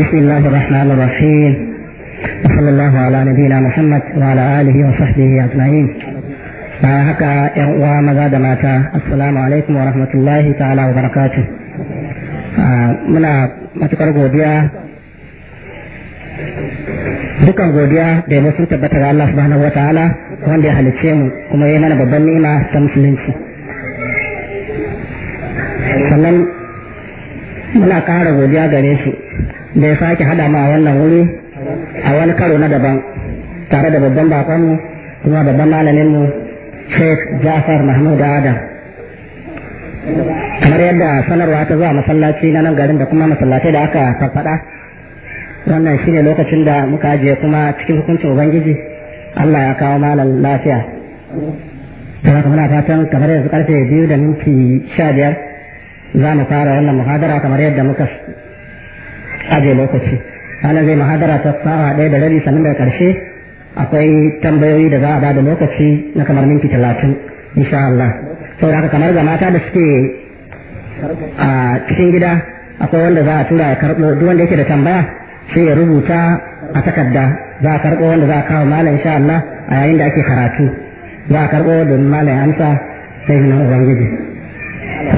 بسم الله الرحمن الرحيم وصلى الله على نبينا محمد وعلى اله وصحبه اجمعين bayan haka yan uwa maza da mata assalamu alaikum wa rahmatullahi ta'ala wa barakatu muna matukar godiya dukan godiya da yabo sun tabbata ga Allah subhanahu wa ta'ala wanda ya halicce mu kuma ya mana babban nema ta musulunci sannan muna kara godiya gare shi da ya sake hada ma wannan wuri a wani karo na daban tare da babban bakonmu kuma babban malaminmu Sheikh Jafar Mahmud Adam kamar yadda sanarwa ta zuwa masallaci na nan garin da kuma masallatai da aka farfada wannan shine lokacin da muka ajiye kuma cikin hukuncin ubangiji Allah ya kawo malam lafiya kamar muna fatan kamar yanzu karfe biyu da minti sha biyar za mu fara wannan muhadara kamar yadda muka aje lokaci ana zai mahadara ta fara ɗaya da rabi sannan daga ƙarshe akwai tambayoyi da za a bada lokaci na kamar minti talatin insha Allah saboda haka kamar ga mata da suke a cikin gida akwai wanda za a tura ya karɓo duk wanda yake da tambaya sai ya rubuta a takarda za a karɓo wanda za a kawo malam insha Allah a yayin da ake karatu za a karɓo domin malam amsa sai na ubangiji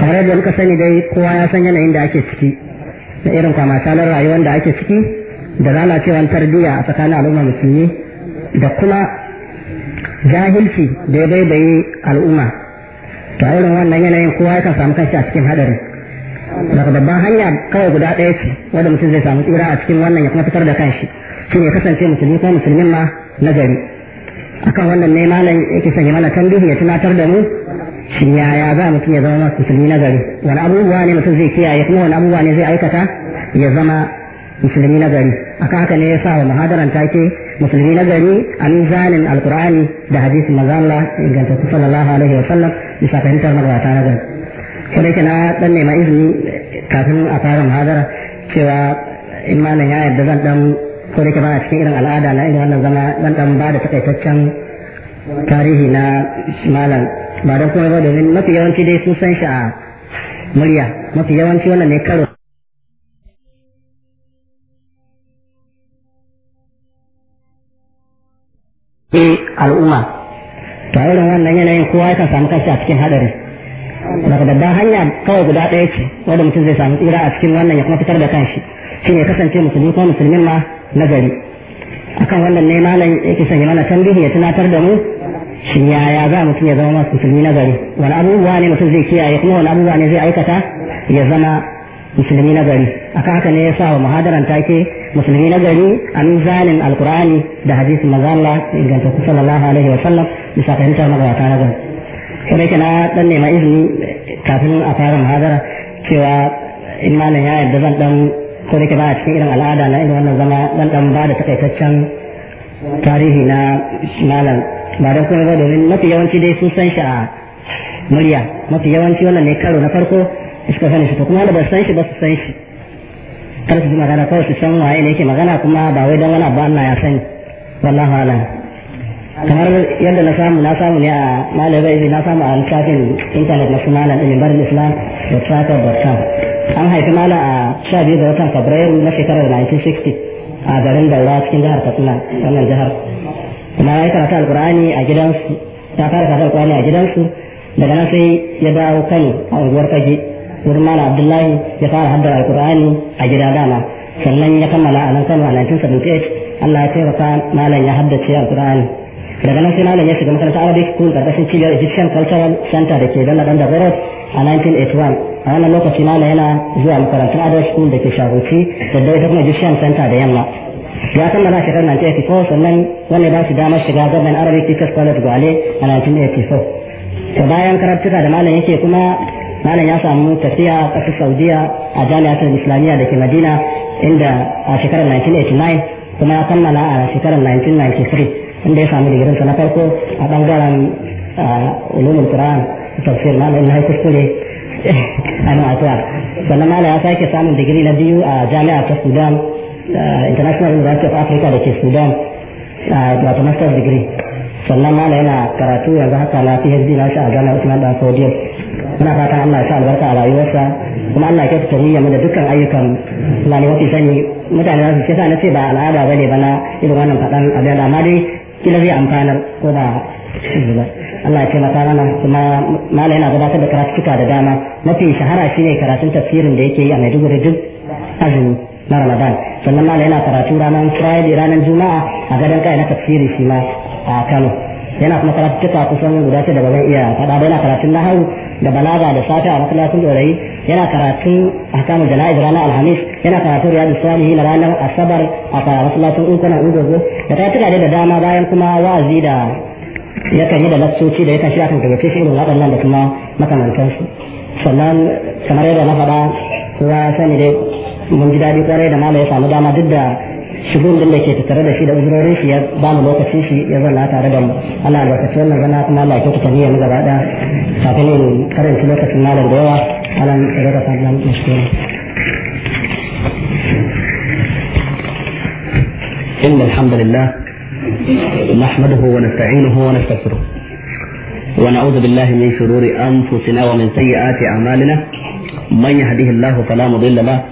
kamar yadda muka sani dai kowa ya san yanayin da ake ciki na irin kwamatalar rayuwar da ake ciki da lalacewar tarbiyya a tsakanin al'umma musulmi da kuma jahilci da ya baibaye al'umma to irin wannan yanayin kowa yakan samu kanshi a cikin hadari daga babban hanya kawai guda ɗaya ce wanda mutum zai samu tsira a cikin wannan ya kuma fitar da kanshi shi ne kasance musulmi ko musulmin ma nagari akan wannan ne malam yake sanya mana tambihi ya tunatar da mu shin yaya za mutum ya zama musulmi na gari wani abubuwa ne mutum zai kiyaye kuma wani abubuwa ne zai aikata ya zama musulmi na gari akan haka ne ya sa wa muhadaran take musulmi na gari a mizanin alkur'ani da hadisin manzo Allah inganta sallallahu alaihi wa sallam bisa fahimtar magabata na gari ko da na dan nema izini kafin a fara muhadara cewa in malam ya yarda zan dan ko da ba cikin irin al'ada na irin wannan zama zan dan ba da takaitaccen tarihi na malam ba don kuma ba domin mafi yawanci dai sun san shi a murya mafi yawanci wannan ne karo al'umma to irin wannan yanayin kowa yakan samu kanshi a cikin hadari daga babban hanya kawai guda ɗaya ce wanda mutum zai samu tsira a cikin wannan ya kuma fitar da kanshi shi ne kasance musulmi ko musulmin ma nagari akan wannan ne malam yake sanya mana tambihi ya tunatar da mu shin yaya za mutum ya zama musulmi na gari wani abubuwa ne mutum zai kiyaye kuma wani abubuwa ne zai aikata ya zama musulmi na gari akan haka ne ya sa wa muhadaran take musulmi na gari a mizanin alkur'ani da hadisi mazalla inganta ku sallallahu alaihi wa sallam bisa fahimtar magabata na gari ko da na dan nema izini kafin a fara muhadara cewa in malam ya yarda zan dan ko da ba a cikin irin al'ada na irin wannan zama dan dan ba da takaitaccen tarihi na malam ba don kuma ba domin mafi yawanci dai sun san shi a murya mafi yawanci wannan ne karo na farko iska sani shi to kuma wanda ba san shi ba su san shi kar su ji magana kawai su san waye ne yake magana kuma ba wai don wani abu Allah ya sani wallahu alam kamar yadda na samu na samu ne a izi na samu a littafin intanet na sunanan ilimin barin islam da da tracker.com an haifi mala a sha biyu ga watan fabrairu na shekarar 1960 a garin daura cikin jihar katsina wannan jihar amma ya karatu alkur'ani a gidansu ta fara karatu alkur'ani a gidansu daga nan sai ya dawo kano a unguwar kaji. wurin mana abdullahi ya fara haddar alkur'ani a gida dama sannan ya kammala a nan kano a 1978 allah ya taimaka malam ya haddace alkur'ani daga nan sai malam ya shiga makarantar arabic school karkashin cibiyar egyptian cultural center da ke ladan da road a 1981 a wannan lokaci malam yana zuwa makarantar arabic school da ke shahuci da dai kuma egyptian center da yamma ya kammala shekarar 1984 sannan wannan ba shi damar shiga gwamnan arabic teachers college gwale a 1984 to bayan karatuka da malam yake kuma malam ya samu tafiya a ƙasar saudiya a jami'a ta islamiyya da ke madina inda a shekarar 1989 kuma ya kammala a shekarar 1993 inda ya samu digirinsa na farko a bangaren ulumul qur'an tafsir malam na kuskure a nan a sannan malam ya sake samun digiri na biyu a jami'a ta sudan Ah, international university of africa da ke sudan ah, wato master's degree sannan mala yana karatu yanzu haka na phd na shi a ghana usman dan saudiya muna fatan allah ya sa albarka a rayuwarsa kuma allah ya ta niyya da dukkan ayyukan fulani mafi sani mutane su ce sa na ce ba al'ada ba ne ba na irin wannan faɗan abin da amma dai kila zai amfanar ko ba Allah ya mata mana kuma mala yana gabatar da karatuka da dama mafi shahara shine karatun tafsirin da yake yi a Maiduguri duk azumi na ramadan sannan malam yana karatu ranar friday ranar juma'a a gadon kai na tafsiri shi ma a kano yana kuma karatu tuka kusan guda ce da ba zan iya faɗa ba yana karatun nahawu da balaga da fata a masallacin dorayi yana karatun ahkamul jana'iz ranar alhamis yana karatun riyadu salihin ranar asabar a masallacin unkunan ungogo da ta tuna da dama bayan kuma wa'azi da yakan yi da lassoci da ya kan shirya kan kagace shi irin waɗannan da kuma makamantansu sannan kamar yadda na faɗa kowa sani dai mun ji daɗi kwarai da mala ya samu dama duk da shigun din da ke tattare da shi da uzurorin shi ya ba mu lokacin shi ya zanna tare da mu Allah albarkaci wannan rana kuma Allah ya kyautata niyyar mu gaba ɗaya kafin in karanci lokacin malam da yawa Allah ya ga sallan mashkura إن الحمد لله نحمده ونستعينه ونستغفره ونعوذ بالله من شرور أنفسنا ومن سيئات أعمالنا من يهده الله فلا مضل له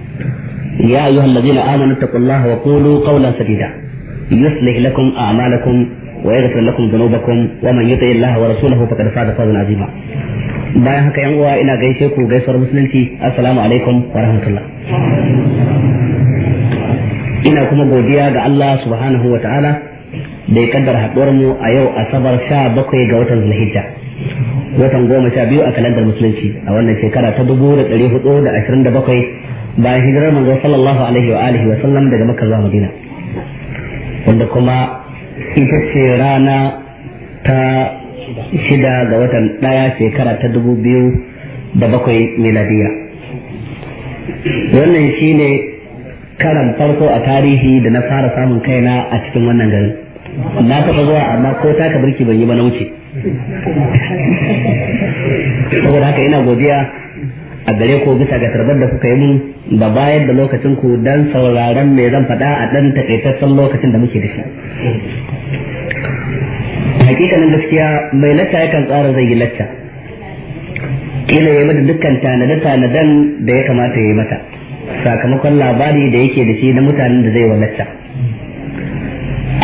يا أيها الذين آمنوا اتقوا الله وقولوا قولا سديدا يصلح لكم أعمالكم ويغفر لكم ذنوبكم ومن يطع الله ورسوله فقد فاز فوزا عظيما bayan haka yan uwa ina gaishe ku gaisuwar musulunci assalamu alaikum wa rahmatullah ina kuma godiya ga Allah subhanahu wa ta'ala da ya kaddar haduwar mu a yau asabar sha bakwai ga watan zulhijja watan goma sha biyu a kalandar musulunci a wannan shekara ta dubu da ɗari hudu da ashirin da bakwai bayan hijirar manzo sallallahu alaihi wa alihi wa sallam daga makka zuwa madina wanda kuma ita ce rana ta shida ga watan daya shekara ta dubu biyu da bakwai miladiya wannan shine karan farko a tarihi da na fara samun kaina a cikin wannan garin na taɓa zuwa amma ko taka birki ban yi ba na wuce saboda haka ina godiya a gare ku bisa ga tarbar da kuka yi mun da bayar da lokacin ku dan sauraron me zan faɗa a dan takaitaccen lokacin da muke da shi hakikanin gaskiya mai lacca yakan tsara zai yi lacca kila ya mata dukkan tanade tanadan da ya kamata ya yi mata sakamakon labari da yake da shi na mutanen da zai wa lacca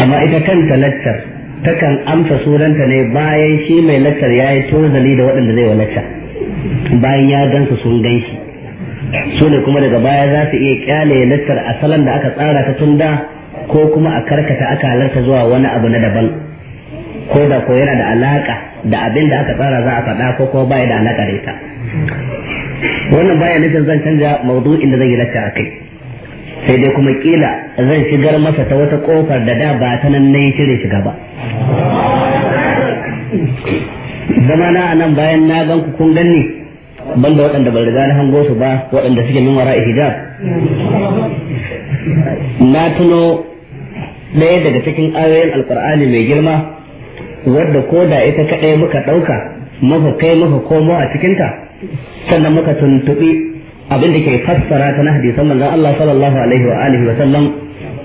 amma ita kanta laccar takan amsa sunanta ne bayan shi mai laccar ya yi tozali da waɗanda zai wa laccar bayan ya gansa sun gan shi su ne kuma daga baya za su iya kyale lattar a salon da aka tsara ta tun da ko kuma a karkata aka halarta zuwa wani abu na daban ko da ko yana da alaka da abin da aka tsara za a faɗa ko kuma baya da alaka da ita wannan baya nufin zan canja maudu'in da zan yi lacca a kai sai dai kuma kila zan shigar masa ta wata kofar da da ba ta nan na yi shirin shiga ba zama na nan bayan na gan ku kun ganni banda waɗanda bai riga na hango su ba waɗanda suke min wara hijab na tuno ɗaya daga cikin ayoyin alkur'ani mai girma wadda ko da ita kaɗai muka ɗauka muka kai muka komo a cikinta sannan muka tuntuɓi abin da ke fassara ta na hadisan manzon Allah sallallahu alaihi wa wa sallam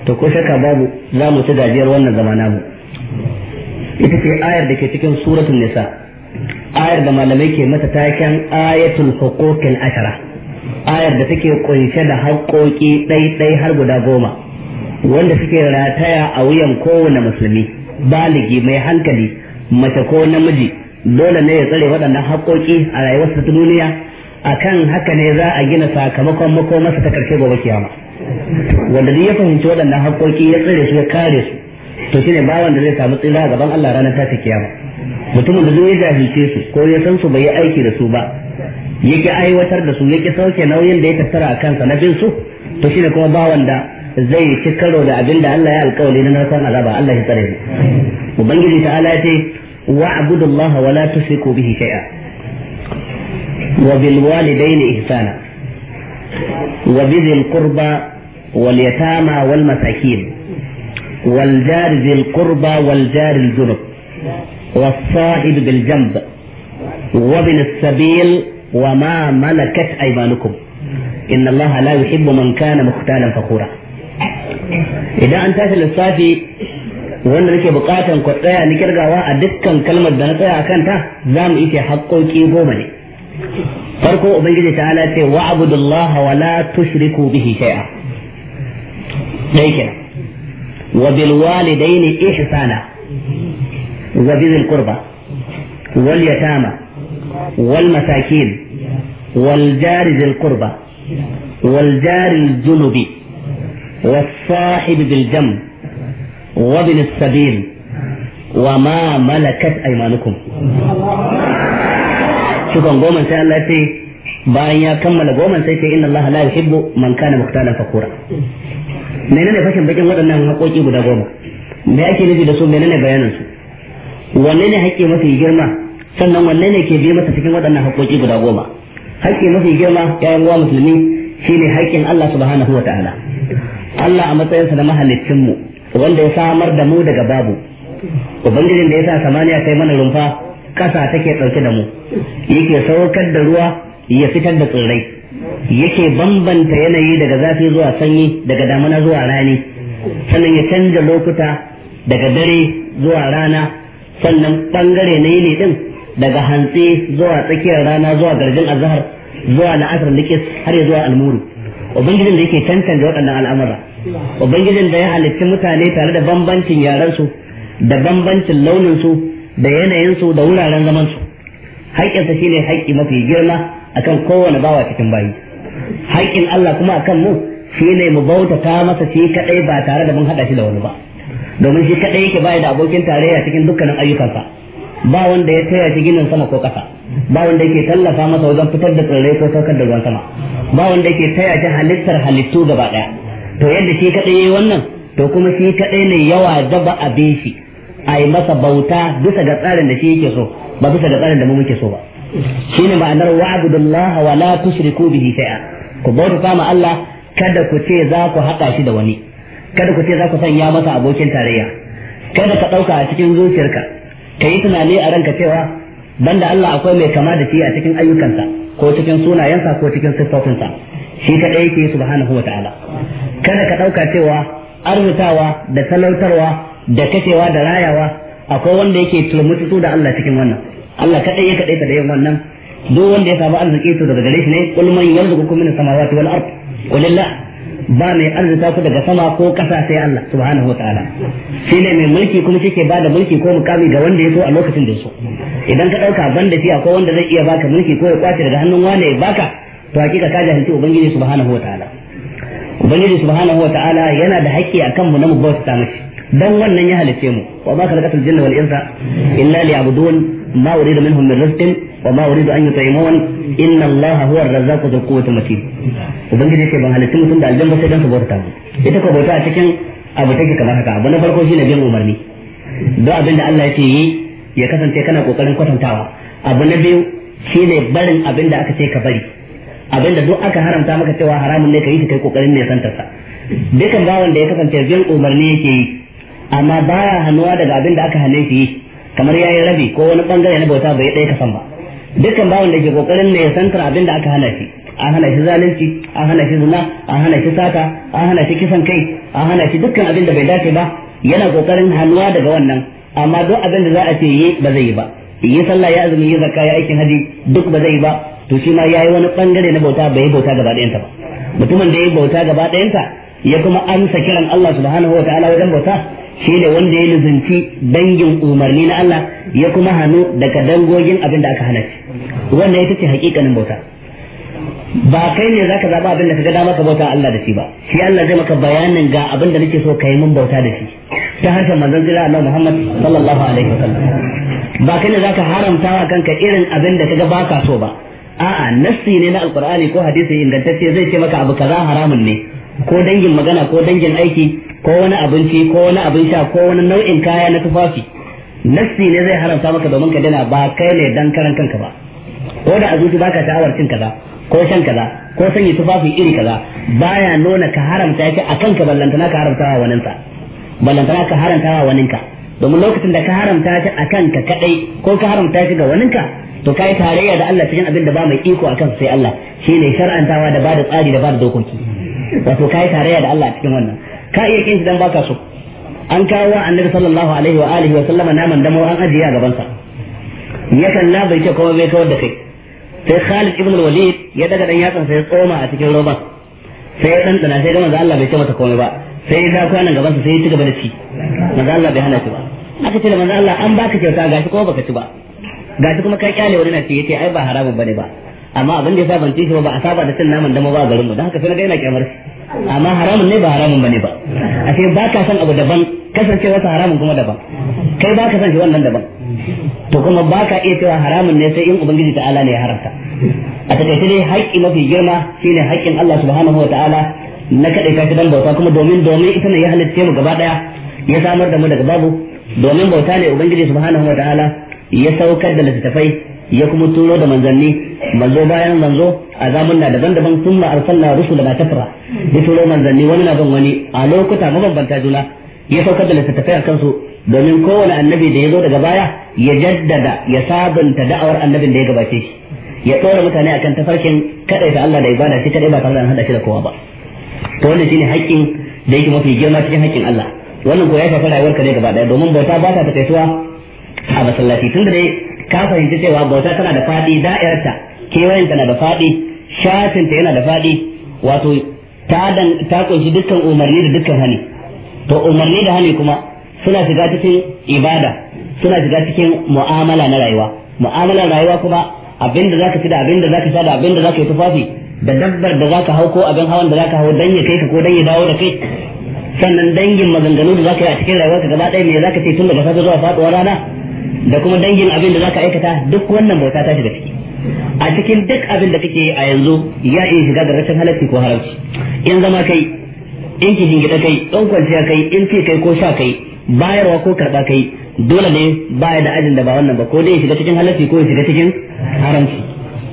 to ko shakka babu za mu ci gajiyar wannan zamana mu ita ce ayar da ke cikin suratun nisa ayar da malamai ke mata taken ayatul huquqil ashara ayar da take kunshe da haƙoƙi ɗai har guda goma wanda suke rataya a wuyan kowane musulmi baligi mai hankali mace ko namiji dole ne ya tsare waɗannan haƙoƙi a rayuwarsa ta duniya akan haka ne za a gina sakamakon makomarsa ta karshe gobe kiyama wanda duk ya fahimci waɗannan haƙoƙi ya tsare su ya kare su to shine bawan da zai samu tsira gaban Allah ranar ta kiyama mutumin da zai ya jahilce su ko ya san su bai yi aiki da su ba yake aiwatar da su yake sauke nauyin da ya tattara a kansa na bin su to shine kuma ba wanda zai ci karo da abin da Allah ya alkawari na nasan azaba Allah ya tsare mu ubangiji ta ala ce wa Allah wa la tushriku bihi shay'a wa bil walidayni ihsana wa bil qurba wal yatama wal masakin wal jar dhil qurba wal jar al junub والصائد بالجنب وابن السبيل وما ملكت ايمانكم ان الله لا يحب من كان مختالا فخورا اذا انت في الصافي وانا نكي بقاتا قطعيا نكي رقاوا ادكا كلمة دنطيا كانتا زام ايتي حقو كيفو مني فرقو ابنجي تعالى واعبد الله ولا تشركوا به شيئا ليكنا وبالوالدين احسانا وذي القربى واليتامى والمساكين والجار ذي القربى والجار الجنب والصاحب بالجنب وابن السبيل وما ملكت أيمانكم شكرا قوما إن شاء الله يتي bayan ya kammala goman sai ce inna Allah la yuhibbu man kana muqtalan fakura menene fashin bakin waɗannan haƙoƙi guda goma me ake nufi da su menene bayanin su wanne ne hakki mafi girma sannan wanne ne ke biye masa cikin waɗannan haƙƙoƙi guda goma hakki mafi girma ya yi wa musulmi shine haƙƙin Allah subhanahu wa ta'ala Allah a matsayinsa na mahaliccin mu wanda ya samar da mu daga babu ubangijin da ya sa samaniya kai mana rumfa ƙasa take ɗauke da mu yake saukar da ruwa ya fitar da tsirrai yake bambanta yanayi daga zafi zuwa sanyi daga damuna zuwa rani sannan ya canja lokuta daga dare zuwa rana sannan bangare na yini din daga hantsi zuwa tsakiyar rana zuwa garjin azhar zuwa la'asar likis har zuwa almuru ubangijin da yake tantance waɗannan al'amura ubangijin da ya halitta mutane tare da bambancin yarensu da bambancin launinsu da yanayinsu da wuraren zaman zamansu haƙƙinsa shine haƙƙi mafi girma akan kowane bawa cikin bayi haƙƙin Allah kuma akan mu shine mu bauta ta masa shi kaɗai ba tare da mun hada shi da wani ba domin shi kadai yake bai da abokin tarayya cikin dukkanin ayyukansa ba wanda ya taya shi ginin sama ko kasa ba wanda yake tallafa masa wajen fitar da tsirrai ko saukar da ruwan sama ba wanda yake taya shi halittar halittu gaba daya to yadda shi kadai yayi wannan to kuma shi kadai ne yawa gaba a shi a yi masa bauta bisa ga tsarin da shi yake so ba bisa ga tsarin da mu muke so ba shi shine ma'anar wa'budullaha wa la tushriku bihi shay'a ku bauta ma Allah kada ku ce za ku haɗa shi da wani kada ku ce za ku sanya masa abokin tarayya kada ka ɗauka a cikin zuciyarka ka yi tunani a ranka cewa banda Allah akwai mai kama da shi a cikin ayyukansa ko cikin sunayensa ko cikin siffofinsa shi kaɗai yake subhanahu wata'ala kada ka ɗauka cewa arzutawa da talautarwa da kashewa da rayawa akwai wanda yake turmutu da Allah cikin wannan Allah kaɗai ya kaɗai da yin wannan duk wanda ya samu arziki to daga gare shi ne yanzu yanzu kuma min samawati wal ard walillah ba mai arzuta su daga sama ko kasa sai Allah subhanahu wa ta'ala shi ne mai mulki kuma shi ke da mulki ko mukami ga wanda ya so a lokacin da ya so idan ka dauka da shi ko wanda zai iya baka mulki ko ya kwace daga hannun wanda ya baka to hakika ka jahilci ubangiji subhanahu wa ta'ala ubangiji subhanahu wa ta'ala yana da haƙƙi akan mu na mu bauta mashi dan wannan ya halice mu wa ma khalaqatul jinna wal insa illa liya'budun ma urida minhum min rizqin وما أريد أن يطعمون إن الله هو الرزاق ذو القوة المتين ubangiji ce ban halittu mutum da aljan ba sai dan su bauta mu ita ko bauta a cikin abu take kamar haka abu na farko shine bin umarni don abin da Allah yake yi ya kasance kana kokarin kwatantawa abu na biyu shine barin abin da aka ce ka bari abin da duk aka haramta maka cewa haramun ne ka yi kai kokarin ne san tarsa dukan bawan da ya kasance bin umarni yake yi amma baya hannuwa daga abin da aka hane yi kamar yayi rabi ko wani bangare na bauta bai ɗaya kasan ba dukkan bawan da ke kokarin ne ya santar abin da aka hana shi an hana shi zalunci an hana shi zina an hana shi sata an hana shi kisan kai an hana shi dukkan abin da bai dace ba yana kokarin hannuwa daga wannan amma duk abin da za a ce yi ba zai yi ba yi sallah ya azumi yi zakka ya aikin haji duk ba zai yi ba to shi ma yayi wani bangare na bauta bai bauta gaba ɗayanta ba mutumin da ya bauta gaba ɗayanta ya kuma amsa kiran Allah subhanahu ta'ala wajen bauta shi ne wanda ya zunci dangin umarni na Allah ya kuma hannu daga dangogin abin da aka hana shi wannan ita ce hakikanin bauta ba kai ne zaka zaba abin da kaga dama ka bauta Allah da shi ba shi Allah zai maka bayanin ga abin da nake so ka yi mun bauta da shi ta harshen manzon jira Allah Muhammad sallallahu alaihi wasallam ba kai ne zaka haramta wa kanka irin abin da kaga baka so ba a'a nassi ne na alqur'ani ko hadisi ingantacce zai ce maka abu kaza haramun ne ko dangin magana ko dangin aiki ko wani abinci ko wani abin sha ko wani nau'in kaya na tufafi nassi ne zai haramta maka domin ka dana ba kai ne dan karan kanka ba ko da a zuci baka sha'awar cin kaza ko shan kaza ko sanya tufafi iri kaza baya nuna ka haramta yake a kanka ballantana ka haramta wa waninsa ballantana ka haramta wa waninka domin lokacin da ka haramta shi a kanka kadai ko ka haramta shi ga waninka to ka yi tarayya da Allah cikin abin da ba mai iko a kansa sai Allah shine shar'antawa da ba da tsari da ba da dokoki wato ka yi tarayya da Allah cikin wannan ka iya kin shi dan baka so an kawo annabi sallallahu alaihi wa alihi wa sallama naman damo an ajiya gaban sa yakan na bai ce kuma bai kawar da kai sai Khalid ibn Walid ya daga dan yatsan sai ya tsoma a cikin roba sai ya dan dana sai dan Allah bai ce mata komai ba sai ya ga kwanan gaban sa sai ya ci gaba da ci manzo Allah bai hana shi ba aka ce da manzo Allah an baka kyauta gashi kuma baka ci ba gashi kuma ka kyale wani na ce yace ai ba haramun bane ba amma abin da ya saba ci shi ba a saba da cin naman dama ba garin mu dan haka sai na ga yana kyamar amma haramun ne ba haramun bane ba a ce baka san abu daban kasancewa haramun kuma daban kai baka san shi wannan daban to kuma ba ka iya cewa haramun ne sai in ubangiji ta'ala ne ya haramta a takaice dai haƙƙi mafi girma shine haƙƙin Allah subhanahu wa ta'ala na kaɗa ka dan bauta kuma domin domin ita ne ya halitta mu gaba ɗaya ya samar da mu daga babu domin bauta ne ubangiji subhanahu wa ta'ala ya saukar da littattafai ya kuma turo da manzanni manzo bayan manzo a zamun na daban-daban sun ma arsalna rusula ba tafra ya turo manzanni wani na bin wani a lokuta mabambanta juna ya saukar da littattafai a kansu domin kowane annabi da ya zo daga baya ya jaddada ya sabunta da'awar annabin da ya gabace shi ya tsora mutane akan tafarkin kadai ta Allah da ibada shi kadai ba tare da hada shi da kowa ba to wannan shine haƙƙin da yake mafi girma cikin haƙƙin Allah wannan ko ya shafi rayuwarka ne gaba daya domin bauta ba ta takaituwa a masallaci tunda dai ka fahimci cewa bauta tana da faɗi da'irarta kewayenta na da shafin shafinta yana da faɗi wato ta kunshi dukkan umarni da dukkan hani to umarni da hani kuma suna shiga cikin ibada suna shiga cikin mu'amala na rayuwa mu'amalar rayuwa kuma abinda zaka ci da abinda zaka sha da abinda zaka yi tufafi da dabbar da zaka hau ko abin hawan da zaka hau dan ya kai ka ko dan ya dawo da kai sannan dangin maganganu da zaka yi a cikin rayuwarka gaba ɗaya me zaka ce tun daga safe zuwa faɗuwar rana da kuma dangin abin da zaka aikata duk wannan bauta ta shiga ciki a cikin duk abin da kake a yanzu ya iya shiga da rashin halarci ko haramci in zama kai in ki gingida kai dan kwanciya kai in fi kai ko sha kai bayarwa ko karba kai dole ne baya da ajin da ba wannan ba ko dai shiga cikin halarci ko shiga cikin haramci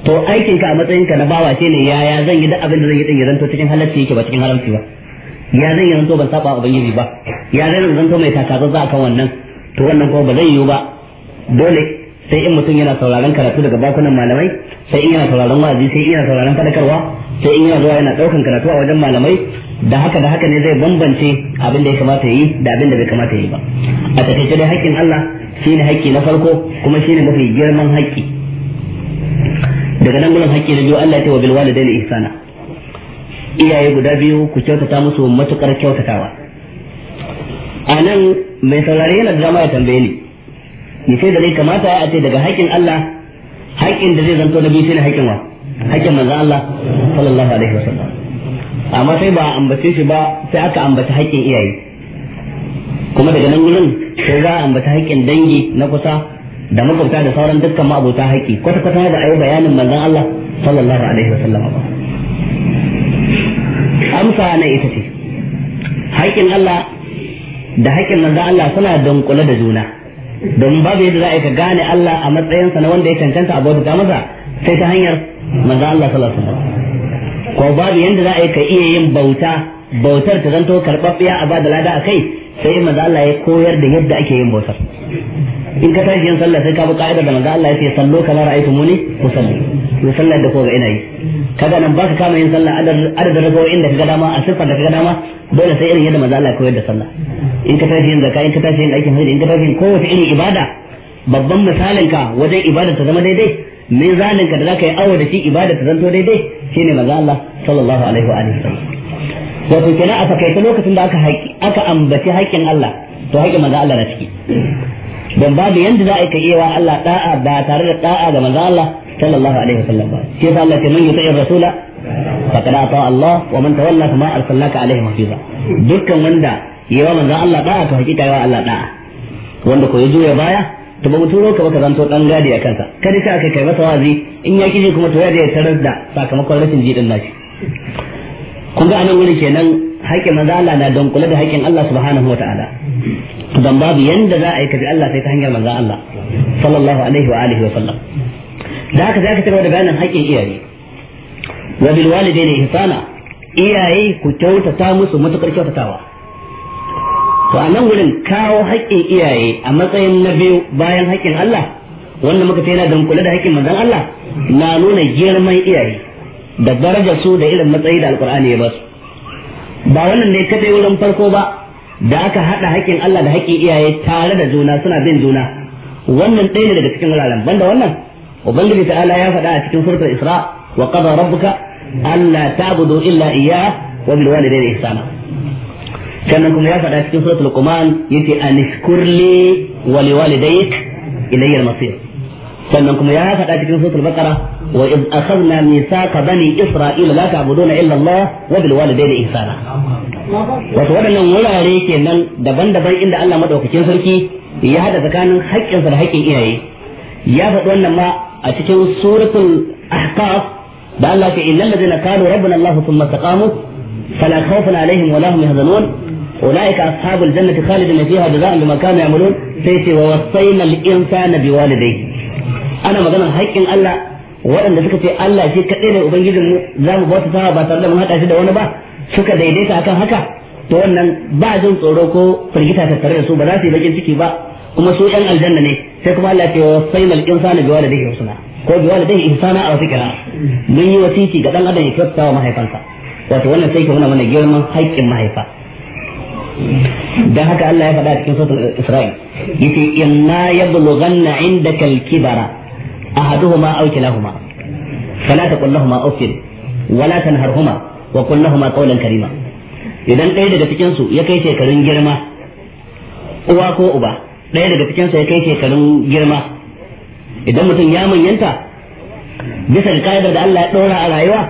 to aikin ka a matsayin ka na bawa shine ya zan yi da abin da zan yi din ya zanto cikin halarci yake ba cikin haramci ba ya zan yi zanto ban saba yi ba ya zan zanto mai takazazza kan wannan to wannan kuma ba zai yiwu ba dole sai in mutum yana sauraron karatu daga bakunan malamai sai in yana sauraron wa'azi sai in yana sauraron fadakarwa sai in yana zuwa yana daukan karatu a wajen malamai da haka da haka ne zai bambance abin da ya kamata yi da abin da bai kamata yi ba a takaice dai haƙƙin Allah shine haƙƙi na farko kuma shine mafi girman haƙƙi daga nan gurin haƙƙi na biyu Allah ya ce wa bil walidaini ihsana iyaye guda biyu ku kyautata musu matukar kyautatawa a nan mai saurari yana da dama ya tambaye ni ya ce da zai kamata a ce daga haƙƙin Allah haƙƙin da zai zanto na biyu shine haƙƙin wa haƙƙin manzo Allah sallallahu alaihi wasallam amma sai ba ambace shi ba sai aka ambata haƙƙin iyaye kuma daga nan gurin sai za a ambata haƙƙin dangi na kusa da makwabta da sauran dukkan ma'abota haƙƙi kwata kwata da ayi bayanin manzan Allah sallallahu alaihi wasallam ba amsa na ita ce haƙƙin Allah da haƙƙin manzon Allah suna dunkule da juna domin babu yadda za a yi ka gane Allah a matsayinsa na wanda ya cancanta a bauta masa sai ta hanyar manzo Allah sallallahu alaihi ko babu yadda za a yi ka iya yin bauta bautar ta zanto karɓaɓɓiya a ba da lada a kai sai maza Allah ya koyar da yadda ake yin bautar in ka tashi yin sallah sai ka bi ka'idar da manzo Allah ya ce ka kama ra'aytu muni usalli ku sallar da ko ga ina yi kaga nan baka kama yin sallah adadin rakawoyin inda kaga dama a siffar da kaga dama dole sai irin yadda manzo Allah ya koyar da sallah in ka tashi yin zakka in ka tashi yin aikin hajji in ka tashi yin kowace irin ibada babban misalin ka wajen ibada ta zama daidai zalin ka da zaka yi awa da shi ibada ta zanto daidai shine manzo Allah sallallahu alaihi wa alihi wato kenan a fakaita lokacin da aka aka ambaci haƙƙin Allah to haƙƙin manzo Allah na ciki don babu yanda za a yi ka iya wa Allah da'a ba tare da da'a ga manzo Allah sallallahu alaihi wasallam ba shi yasa Allah ya man yuti'ir rasula faqad ata Allah wa man tawalla fama arsalnaka alaihi hafiza dukkan wanda yi wa manzo Allah da'a to hakika yi wa Allah da'a wanda ko ya juya baya to ba mu turo ka baka zanto dan gadi a kansa kada ka kai kai masa wazi in ya kije kuma to ya da tarar da sakamakon rashin jidin nashi kun ga anan wurin kenan haƙƙin manzo Allah na don kula da haƙƙin Allah subhanahu wa ta'ala dan babu yanda za a yi kaji Allah sai ta hanyar manzo Allah sallallahu alaihi wa alihi wa sallam da haka sai aka tarwa da bayanin haƙƙin iyaye wa bil walidaini ihsana iyaye ku kyautata musu matuƙar kyautatawa to a nan wurin kawo haƙƙin iyaye a matsayin na biyu bayan haƙƙin Allah wanda muka ce yana don kula da haƙƙin manzon Allah na nuna girman iyaye da darajar su da irin matsayi da Alƙur'ani ya basu ba wannan ne kadai wurin farko ba da aka haɗa haƙƙin Allah da haƙƙin iyaye tare da juna suna bin juna wannan ɗaya ne daga cikin wuraren banda wannan ubangiji ta'ala ya faɗa a cikin suratul isra wa qada rabbuka alla ta'budu illa iyyah wa bil walidayni ihsana sannan kuma ya faɗa cikin suratul luqman yace anishkur li wa liwalidayk ilayya al-masir sannan kuma ya faɗa cikin suratul baqara وإذ أخذنا ميثاق بني إسرائيل لا تعبدون إلا الله وبالوالدين إحسانا wato waɗannan wurare kenan daban-daban inda Allah madaukakin sarki ya hada tsakanin haƙƙinsa da haƙƙin iyaye ya faɗi wannan ma a cikin suratul ahqaf da Allah ke innal ladina qalu rabbana Allah thumma istaqamu fala khawfun alaihim wala hum yahzanun أولئك أصحاب الجنة خالدين فيها جزاء بما كانوا يعملون سيتي ووصينا الإنسان بوالديه أنا مجانا هيك إن الله waɗanda suka ce Allah shi kaɗai da ubangijin mu za mu bauta sama ba tare da mun haɗa shi da wani ba suka daidaita akan haka to wannan ba jin tsoro ko firgita tare da su ba za su yi bakin ciki ba kuma su ɗan aljanna ne sai kuma Allah ce wa sainal insani bi walidayhi husna ko bi walidayhi ihsana a fikra mun yi wasiki ga dan adam ya kyautata wa mahaifansa wato wannan sai ke nuna mana girman haƙƙin mahaifa dan haka Allah ya faɗa cikin suratul Isra'il yace inna yablughanna indaka al-kibara أحدهما أو كلاهما فلا تقل لهما أف ولا تنهرهما وقل لهما قولا كريما idan ɗaya daga cikinsu ya kai shekarun girma uwa ko uba ɗaya daga cikinsu ya kai shekarun girma idan mutum ya manyanta bisa ga ka'idar da Allah ya ɗora a rayuwa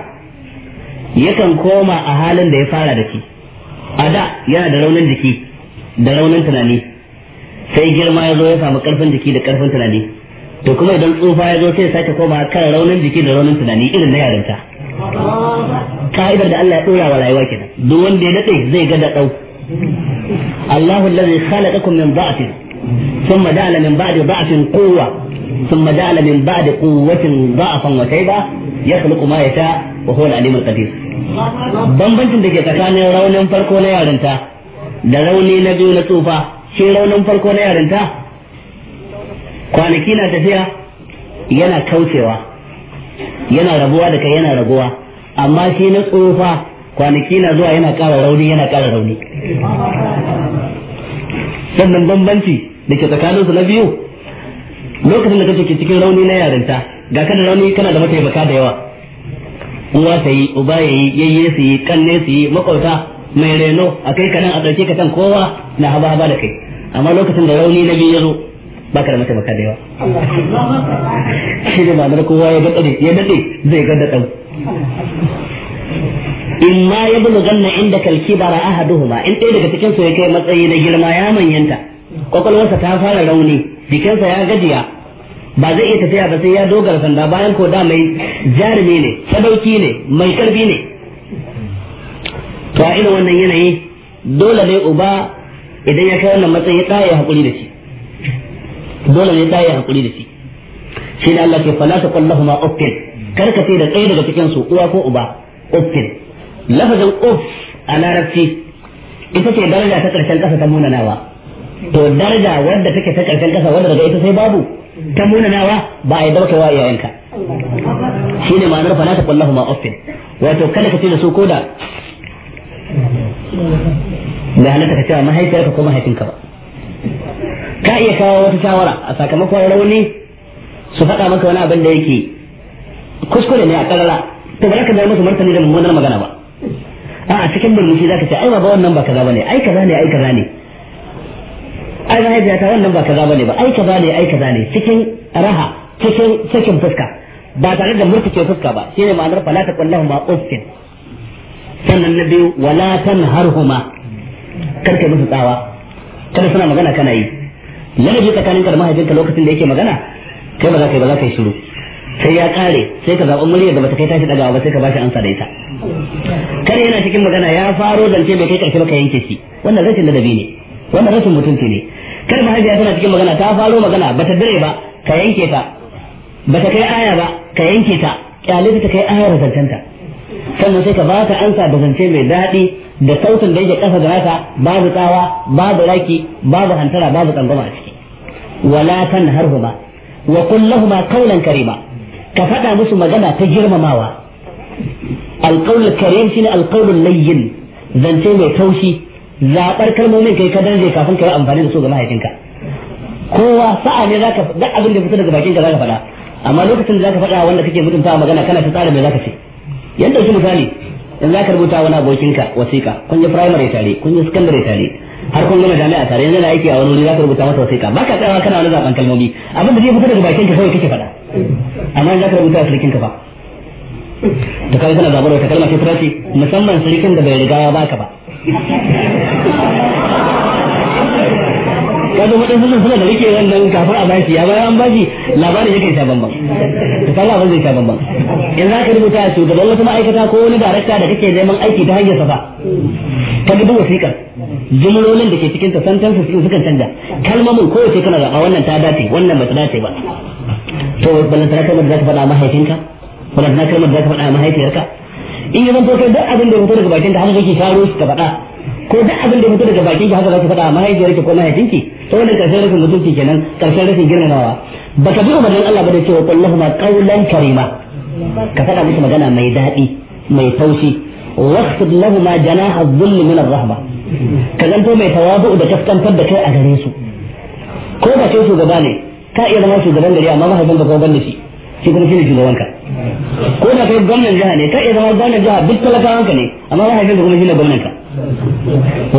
yakan koma a halin da ya fara da shi a da yana da raunin jiki da raunin tunani sai girma ya zo ya samu ƙarfin jiki da ƙarfin tunani to kuma idan tsufa ya zo sai sake koma kan raunin jiki da raunin tunani irin na yarinta ka'idar da Allah ya dora wa rayuwa kenan duk wanda ya dade zai ga da dau Allahu allazi khalaqakum min da'fin ثم جعل من بعد ضعف قوة ثم جعل من بعد قوة ضعفا وشيبة يخلق ما يشاء وهو العليم القدير bambancin da ke tsakanin raunin farko na yarinta da rauni na biyu na tsufa shi raunin farko na yarinta kwanaki na tafiya yana kaucewa yana rabuwa da kai yana raguwa amma shi na tsofa kwanaki na zuwa yana ƙara rauni yana ƙara rauni sannan bambanci da ke tsakanin su na biyu lokacin da kake cikin rauni na yarinta ga kada rauni kana da mataimaka da yawa uwa ta yi uba ya yi yayye su yi kanne su yi makwauta mai reno a kai kanan a ɗauke ka kan kowa na haba haba da kai amma lokacin da rauni na biyu ya zo baka da mataimaka da yawa shi ne ma'anar kowa ya daɗe ya daɗe zai ga daɗau in ma ya bi ganna inda kalki bara a ahaduhuma in ɗaya daga cikin su ya kai matsayi na girma ya manyanta kwakwalwarsa ta fara rauni jikinsa ya gajiya ba zai iya tafiya ba sai ya dogara sanda bayan ko da mai jarumi ne sadauki ne mai karfi ne to a irin wannan yanayi dole ne uba idan ya kai wannan matsayi ɗaya ya haƙuri da shi dole ne ta yi hakuri da shi shi da Allah ke fala ta kullahu ma uffin kar ka ce da ɗaya daga cikin su uwa ko uba uffin lafazin uff a larabci ita ce daraja ta karshen kasa ta munanawa to daraja wadda take ta karshen kasa wadda daga ita sai babu ta munanawa ba a yi dauka wa iyayenka shi ne ma'anar fala ta kullahu ma uffin wato kada ka ce da su koda da halatta ka cewa mahaifiyarka ko mahaifinka ba ka iya kawo wata shawara a sakamakon rauni su faɗa maka wani abin da yake kuskure ne a karara to ba za ka zama musu martani da mummunar magana ba a cikin burmushi za ka ce ai ba wannan ba kaza bane ai kaza ne ai kaza ne ai mahaifiyata wannan ba kaza bane ba ai kaza ne ai kaza ne cikin raha cikin cikin fuska ba tare da murtuke fuska ba shine ma'anar fala ta kullahu ma uffin sannan na biyu wala tanharhuma karka musu tsawa kada suna magana kana yi tsakanin tsakaninka da mahaifinka lokacin da yake magana kai ba za ka yi ba za ka yi shiru sai ya kare sai ka zaɓi muryar da bata kai tashi dagawa ba sai ka bashi ansa da ita kare yana cikin magana ya faro zance bai kai karshe ba ka yanke shi wannan rashin ladabi ne wannan rashin mutunci ne kar mahaifiya tana cikin magana ta faro magana bata dare ba ka yanke ta bata kai aya ba ka yanke ta kyale ta kai ayar zancenta sannan sai ka ba ta ansa da zance mai daɗi da sautin da yake kasa da haka babu tsawa babu raki babu hantara babu tsangwama a ciki wala tanharhuma wa qul lahumu karima ka faɗa musu magana ta girmamawa alqawl karim shine alqawl layyin zance mai taushi zabar kalmomin kai ka danze kafin ka yi amfani da su ga mahaifinka kowa sa'a ne zaka duk abin da fita daga bakin ka zaka faɗa amma lokacin da zaka faɗa wanda kake mutunta magana kana ta tsara me zaka ce yanda su misali yanzu aka rubuta wani abokinka wasiƙa kun yi primary tare kun yi secondary tare har kun gama jami'a tare yanzu na aiki a wani wuri ka rubuta masa wasiƙa ba ka tsayawa kana wani zaben kalmomi abin da zai fito daga bakinka kawai kake faɗa amma yanzu ka rubuta a sirkinka ba da kawai kana zaɓar wata kalma ce turaci musamman sirkin da bai riga ya baka ba kaga waɗansu sun suna da rike wannan kafin a bashi ya bayan an bashi labarin yake sha bambam to kaga abin zai sha bambam in za ka rubuta shugaban wata ma'aikata ko wani darakta da kake neman aiki ta hanyar safa ka gudu wasiƙar jumlolin da ke cikin ta sentences su sukan canja kalmomin kowace kana zaɓa wannan ta dace wannan ba ta dace ba to ta kalmar da za ka faɗa mahaifinka ta kalmar da za ka faɗa mahaifiyarka in yi zanto kai duk abin da ya fito daga bakin ka haka kake sharo shi ka faɗa ko duk abin da mutu daga bakin ki haka zaki faɗa mahaifiyar ki ko mahaifinki to wannan karshen rashin mutunci kenan karshen rashin girmamawa baka bi umarnin Allah ba da cewa kullahuma qawlan karima ka faɗa musu magana mai daɗi mai taushi waqfid lahuma janaha dhull min ar-rahma ka zanto mai tawazu da kaskantar da kai a gare su ko ba kai shugaba ne ka iya zama shugaban gari amma mahaifin ka ko ban da shi shi kuma shine shugaban shugabanka. ko da kai gwamnan jiha ne ka iya zama gwamnan jiha duk talakawan ka ne amma mahaifin ka kuma shi ne gwamnanka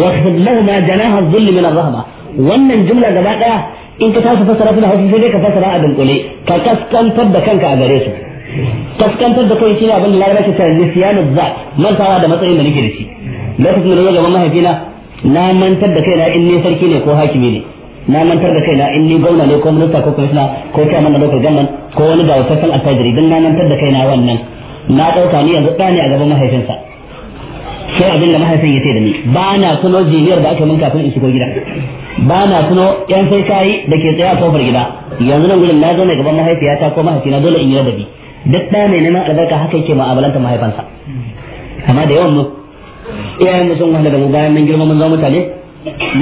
واخفض لهما جناح الذل من الرهبة wannan jumla gaba daya in ka tashi fasara suna hausa sai ka fasara a dunkule ka kaskantar da kanka a gare su da kai shine abin da larabawa ke cewa nisyanu zat mantawa da matsayin da nake da shi lokacin da gaban mahaifina na mantar da kaina in ne sarki ne ko hakimi ne na mantar da kaina in ni gwamna ko minista ko kwamishina ko chairman na local government ko wani gawasassan attajiri don na mantar kaina wannan na ɗauka ni yanzu a gaban mahaifinsa sai abin da mahaifin ya ce da ni ba na tuno jiniyar da aka min kafin in shigo gida ba na tuno yan sai kayi da ke tsaye a kofar gida yanzu nan gudun na zo ne gaban mahaifiyata ko mahaifina dole in yi ladabi duk ɗa mai neman albarka haka yake ma'abalanta mahaifansa amma da yawan mu iyayen mu sun wahala da mu bayan nan girma mun zama mutane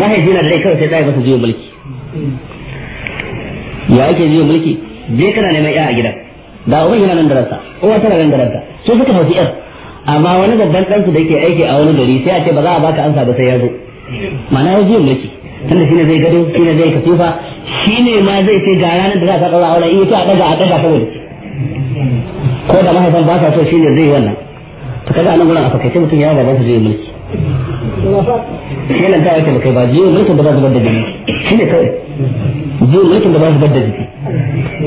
mahaifina da dai kawai sai tsaye ba su jiwo mulki ya ake jiwo mulki je kana neman ya a gidan da uban yana nan da ransa uwa tana nan da ransa su suka hausi yar amma wani babban ɗansu da ke aiki a wani gari sai a ce ba za a baka amsa ba sai ya zo ma'ana ya jiyan yake tunda shine zai gado shine zai kasufa shine ma zai ce ga ranar da za ka ɗaura aure in ta ɗaga a ɗaga saboda ko da mahaifan ba sa so shine zai wannan to kaga anan gurin a fakaice mutum ya ba su zai mulki kenan ta yake kai ba jiyo mulkin da ba su da jini shine kawai jiyo mulkin da ba zubar da jiki